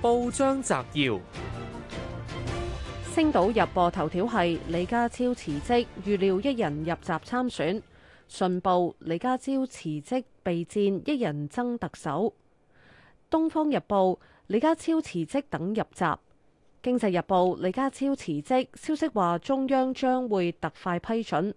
報章摘要：星島日報頭條係李家超辭職，預料一人入閘參選。信報李家超辭職備戰，一人爭特首。東方日報李家超辭職等入閘。經濟日報李家超辭職消息話中央將會特快批准。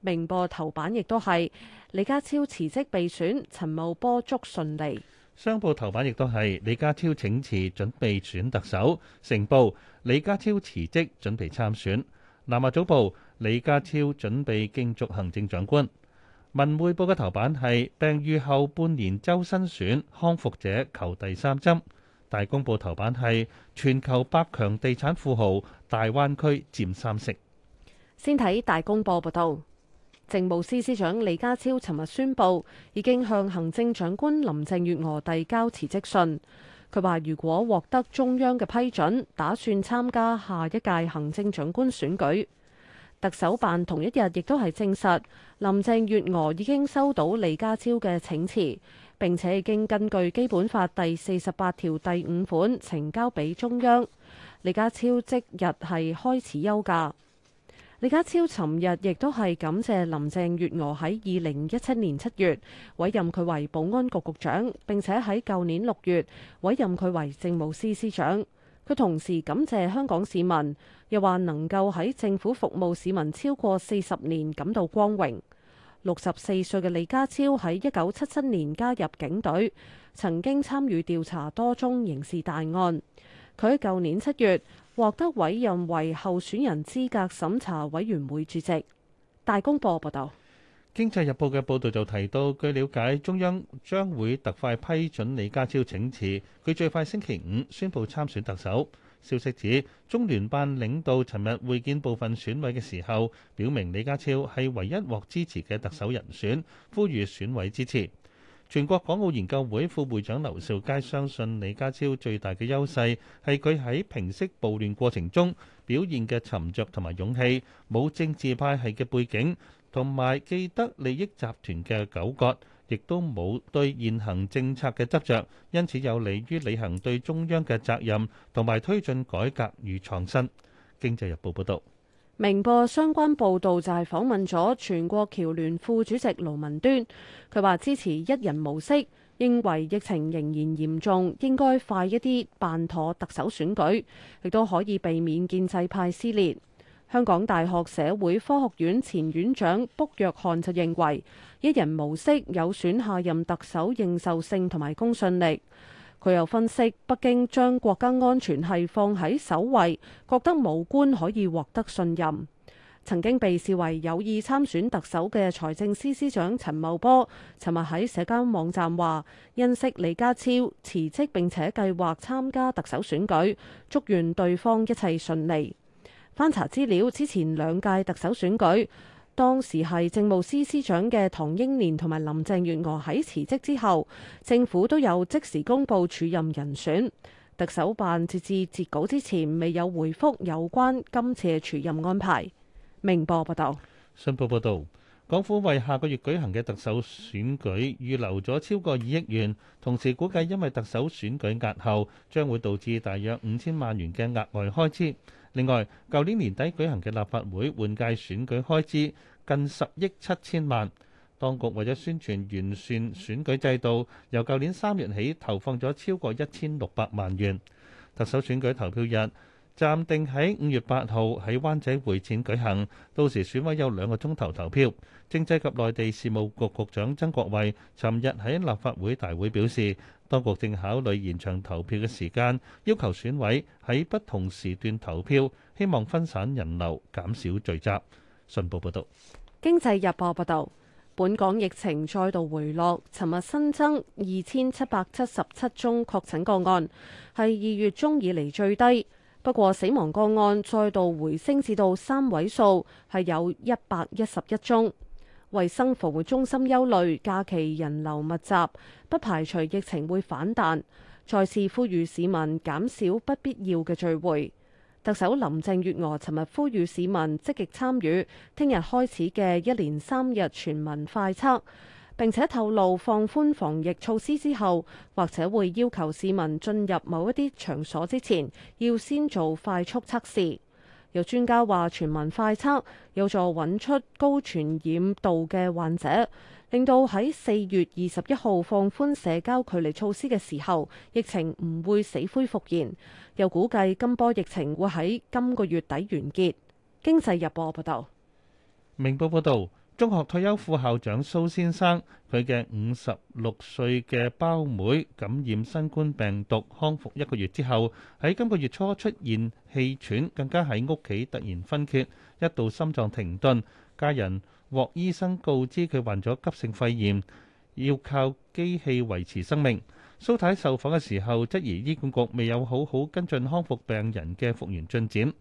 明報頭版亦都係李家超辭職備選，陳茂波祝順利。.商報頭版亦都係李家超請辭準備選特首，成報李家超辭職準備參選，南華早報李家超準備競逐行政長官，文匯報嘅頭版係病愈後半年周身選，康復者求第三針，大公報頭版係全球百強地產富豪大灣區佔三成。先睇大公報報道。政務司司長李家超尋日宣布，已經向行政長官林鄭月娥遞交辭職信。佢話如果獲得中央嘅批准，打算參加下一屆行政長官選舉。特首辦同一日亦都係證實，林鄭月娥已經收到李家超嘅請辭，並且已經根據基本法第四十八條第五款呈交俾中央。李家超即日係開始休假。李家超尋日亦都係感謝林鄭月娥喺二零一七年七月委任佢為保安局局長，並且喺舊年六月委任佢為政務司司長。佢同時感謝香港市民，又話能夠喺政府服務市民超過四十年感到光榮。六十四歲嘅李家超喺一九七七年加入警隊，曾經參與調查多宗刑事大案。佢喺舊年七月獲得委任為候選人資格審查委員會主席。大公報報道，《經濟日報》嘅報道就提到，據了解，中央將會特快批准李家超請辭，佢最快星期五宣布參選特首。消息指，中聯辦領導尋日會見部分選委嘅時候，表明李家超係唯一獲支持嘅特首人選，呼籲選委支持。全國港澳研究會副會長劉兆佳相信李家超最大嘅優勢係佢喺平息暴亂過程中表現嘅沉著同埋勇氣，冇政治派系嘅背景，同埋既得利益集團嘅糾葛，亦都冇對現行政策嘅執著，因此有利於履行對中央嘅責任，同埋推進改革與創新。經濟日報報導。明報相關報道就係訪問咗全國僑聯副主席盧文端，佢話支持一人模式，認為疫情仍然嚴重，應該快一啲辦妥特首選舉，亦都可以避免建制派撕裂。香港大學社會科學院前院長卜約翰就認為，一人模式有損下任特首認受性同埋公信力。佢又分析，北京將國家安全係放喺首位，覺得冇官可以獲得信任。曾經被視為有意參選特首嘅財政司司長陳茂波，尋日喺社交網站話，欣悉李家超辭職並且計劃參加特首選舉，祝願對方一切順利。翻查資料，之前兩屆特首選舉。當時係政務司司長嘅唐英年同埋林鄭月娥喺辭職之後，政府都有即時公布署任人選。特首辦截至截稿之前未有回覆有關今次嘅署任安排。明報報道。信報報道，港府為下個月舉行嘅特首選舉預留咗超過二億元，同時估計因為特首選舉押後，將會導致大約五千萬元嘅額外開支。另外，舊年年底舉行嘅立法會換屆選舉開支近十億七千萬，當局為咗宣傳完善選舉制度，由舊年三月起投放咗超過一千六百萬元。特首選舉投票日暫定喺五月八號喺灣仔會展舉行，到時選委有兩個鐘頭投票。政制及內地事務局局局長曾國衛尋日喺立法會大會表示。當局正考慮延長投票嘅時間，要求選委喺不同時段投票，希望分散人流，減少聚集。信報報道，《經濟日報》報道，本港疫情再度回落，尋日新增二千七百七十七宗確診個案，係二月中以嚟最低。不過，死亡個案再度回升至到三位數，係有一百一十一宗。衛生防護中心憂慮假期人流密集，不排除疫情會反彈，再次呼籲市民減少不必要嘅聚會。特首林鄭月娥尋日呼籲市民積極參與聽日開始嘅一連三日全民快測，並且透露放寬防疫措施之後，或者會要求市民進入某一啲場所之前，要先做快速測試。有專家話，全民快測有助揾出高傳染度嘅患者，令到喺四月二十一號放寬社交距離措施嘅時候，疫情唔會死灰復燃。又估計今波疫情會喺今個月底完結。經濟日報報道。明報報道。中學退休副校長蘇先生，佢嘅五十六歲嘅胞妹感染新冠病毒康復一個月之後，喺今個月初出現氣喘，更加喺屋企突然昏厥，一度心臟停頓，家人獲醫生告知佢患咗急性肺炎，要靠機器維持生命。蘇太受訪嘅時候質疑醫管局未有好好跟進康復病人嘅復原進展。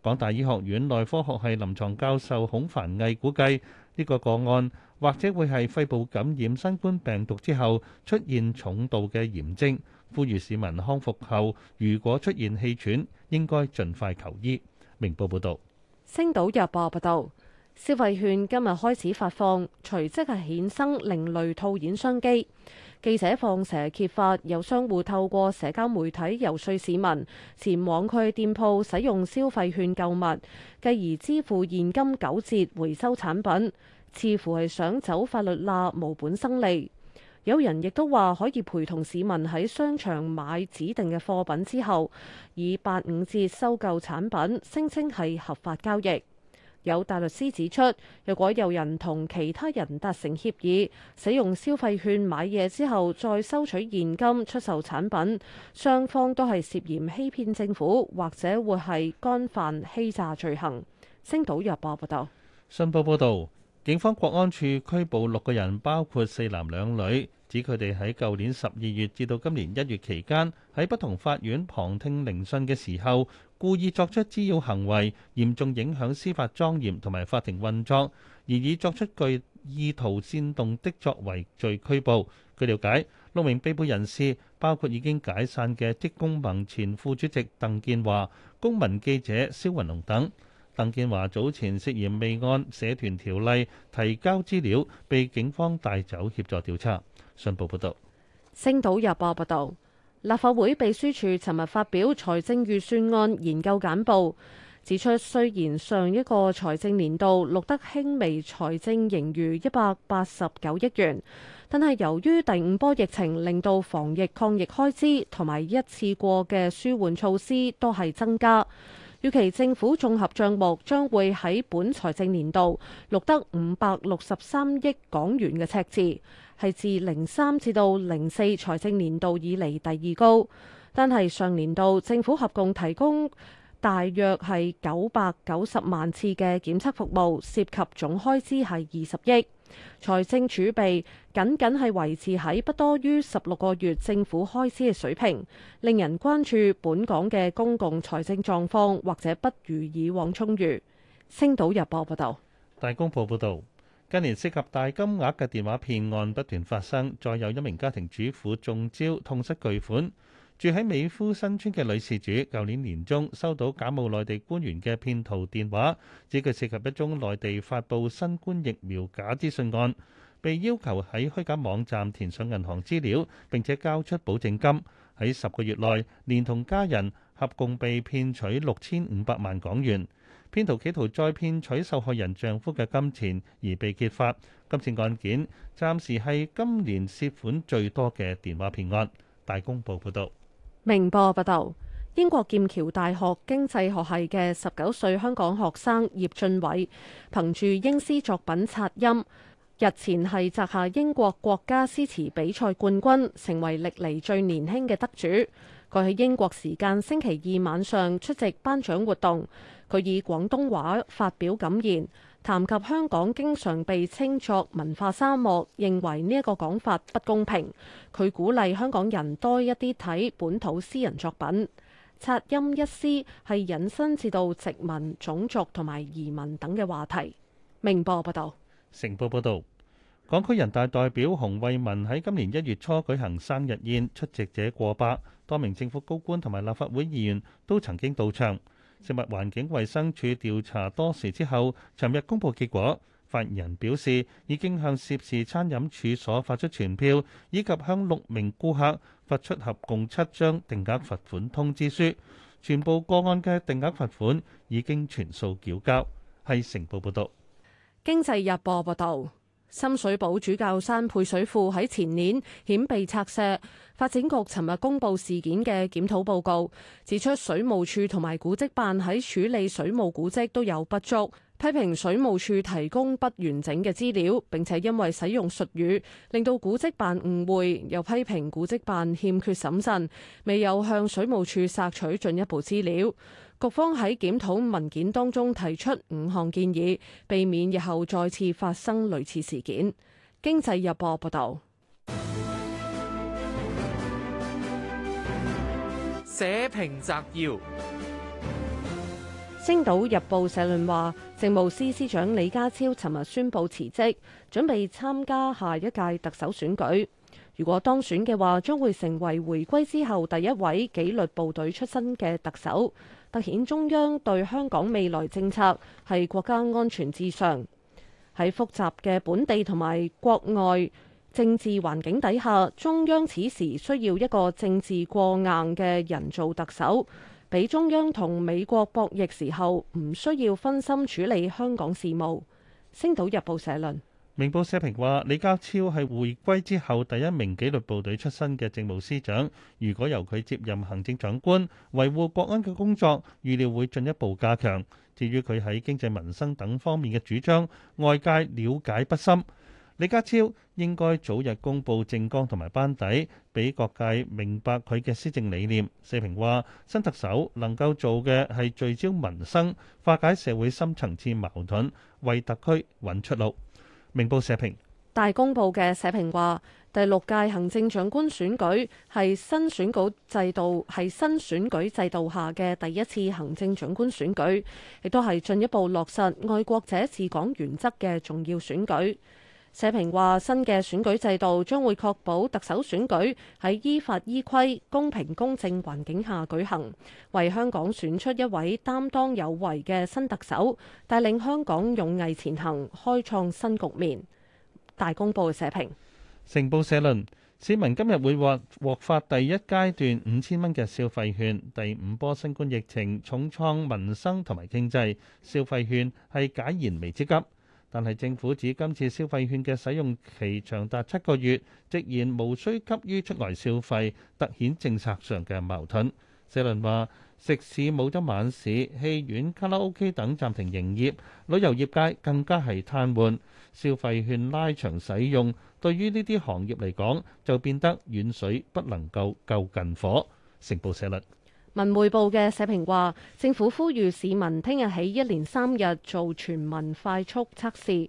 港大醫學院內科學系臨床教授孔凡毅估計。呢個個案或者會係肺部感染新冠病毒之後出現重度嘅炎症，呼籲市民康復後如果出現氣喘，應該盡快求醫。明報報道。星島日報報道。消費券今日開始發放，隨即係衍生另類套現商機。記者放蛇揭發，有商戶透過社交媒體游說市民前往佢店鋪使用消費券購物，繼而支付現金九折回收產品，似乎係想走法律罅，無本生利。有人亦都話可以陪同市民喺商場買指定嘅貨品之後，以八五折收購產品，聲稱係合法交易。有大律師指出，若果有人同其他人達成協議，使用消費券買嘢之後再收取現金出售產品，雙方都係涉嫌欺騙政府，或者會係干犯欺詐罪行。星島日報報道，新報報道警方國安處拘捕六個人，包括四男兩女，指佢哋喺舊年十二月至到今年一月期間喺不同法院旁聽聆訊嘅時候。故意作出滋擾行為，嚴重影響司法莊嚴同埋法庭運作，而以作出具意圖煽動的作為罪拘捕。據了解，六名被捕人士包括已經解散嘅職工盟前副主席鄧建華、公民記者蕭雲龍等。鄧建華早前涉嫌未按社團條例提交資料，被警方帶走協助調查。信報報道。星島日報報道。立法會秘書處尋日發表財政預算案研究簡報，指出雖然上一個財政年度錄得輕微財政盈餘一百八十九億元，但係由於第五波疫情令到防疫抗疫開支同埋一次過嘅舒緩措施都係增加。預期政府綜合賬目將會喺本財政年度錄得五百六十三億港元嘅赤字，係自零三至到零四財政年度以嚟第二高。但係上年度政府合共提供大約係九百九十萬次嘅檢測服務，涉及總開支係二十億。財政儲備僅僅係維持喺不多於十六個月政府開支嘅水平，令人關注本港嘅公共財政狀況或者不如以往充裕。星島日報報道，大公報報道，近年涉及大金額嘅電話騙案不斷發生，再有一名家庭主婦中招，痛失巨款。住喺美孚新村嘅女事主，舊年年中收到假冒內地官員嘅騙徒電話，指佢涉及一宗內地發布新冠疫苗假資訊案，被要求喺虛假網站填上銀行資料並且交出保證金。喺十個月內連同家人合共被騙取六千五百萬港元。騙徒企圖再騙取受害人丈夫嘅金錢而被揭發，今次案件暫時係今年涉款最多嘅電話騙案。大公報報道。明報報道：英國劍橋大學經濟學系嘅十九歲香港學生葉俊偉，憑住英詩作品測音，日前係摘下英國國家詩詞比賽冠軍，成為歷嚟最年輕嘅得主。佢喺英國時間星期二晚上出席頒獎活動，佢以廣東話發表感言。談及香港經常被稱作文化沙漠，認為呢一個講法不公平。佢鼓勵香港人多一啲睇本土私人作品。插音一絲係引申至到殖民、種族同埋移民等嘅話題。明報報道：「成報報道，港區人大代表洪偉民喺今年一月初舉行生日宴，出席者過百，多名政府高官同埋立法會議員都曾經到場。食物環境衞生署調查多時之後，尋日公布結果。發言人表示，已經向涉事餐飲處所發出傳票，以及向六名顧客發出合共七張定額罰款通知書。全部個案嘅定額罰款已經全數繳交。係成報報導，《經濟日報》報導。深水埗主教山配水庫喺前年險被拆卸，發展局尋日公布事件嘅檢討報告，指出水務署同埋古蹟辦喺處理水務古蹟都有不足。批評水務處提供不完整嘅資料，並且因為使用術語令到古蹟辦誤會，又批評古蹟辦欠缺審慎，未有向水務處索取進一步資料。局方喺檢討文件當中提出五項建議，避免日後再次發生類似事件。經濟日報報道。社評摘要。《星島日報》社論話，政務司司長李家超尋日宣布辭職，準備參加下一屆特首選舉。如果當選嘅話，將會成為回歸之後第一位紀律部隊出身嘅特首。凸顯中央對香港未來政策係國家安全至上。喺複雜嘅本地同埋國外政治環境底下，中央此時需要一個政治過硬嘅人做特首。俾中央同美國博弈時候，唔需要分心處理香港事務。星島日報社論。明報社評話：李家超係回歸之後第一名紀律部隊出身嘅政務司長，如果由佢接任行政長官，維護國安嘅工作預料會進一步加強。至於佢喺經濟民生等方面嘅主張，外界了解不深。李家超應該早日公布政綱同埋班底，俾各界明白佢嘅施政理念。社評話：新特首能夠做嘅係聚焦民生，化解社會深層次矛盾，為特區揾出路。明報社評。大公報嘅社評話：第六屆行政長官選舉係新選舉制度，係新選舉制度下嘅第一次行政長官選舉，亦都係進一步落實愛國者治港原則嘅重要選舉。社評話新嘅選舉制度將會確保特首選舉喺依法依規、公平公正環境下舉行，為香港選出一位擔當有為嘅新特首，帶領香港勇毅前行，開創新局面。大公報社評。成報社論，市民今日會獲獲發第一階段五千蚊嘅消費券。第五波新冠疫情重創民生同埋經濟，消費券係解燃眉之急。但係政府指今次消費券嘅使用期長達七個月，直言無需急於出外消費，突顯政策上嘅矛盾。社論話：食肆冇得晚市，戲院、卡拉 OK 等暫停營業，旅遊業界更加係癱瘓。消費券拉長使用，對於呢啲行業嚟講就變得遠水不能夠救近火。成報社論。文匯報嘅社評話，政府呼籲市民聽日起一連三日做全民快速測試，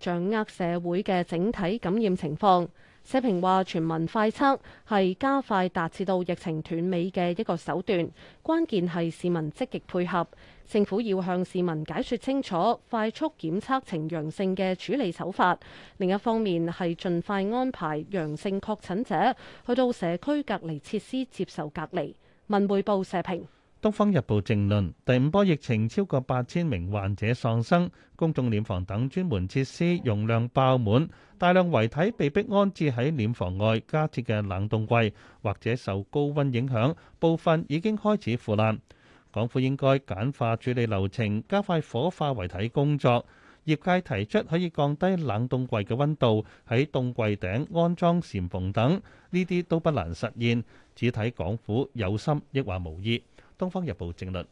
掌握社會嘅整體感染情況。社評話，全民快測係加快達至到疫情斷尾嘅一個手段，關鍵係市民積極配合。政府要向市民解說清楚快速檢測呈陽性嘅處理手法。另一方面係盡快安排陽性確診者去到社區隔離設施接受隔離。文匯報社評。東方日報正論，第五波疫情超過八千名患者喪生，公眾殮房等專門設施容量爆滿，大量遺體被逼安置喺殮房外加設嘅冷凍櫃，或者受高溫影響，部分已經開始腐爛。港府應該簡化處理流程，加快火化遺體工作。業界提出可以降低冷凍櫃嘅温度，喺凍櫃頂安裝簷篷等，呢啲都不難實現。只睇港府有心抑或無意，《東方日報》正論。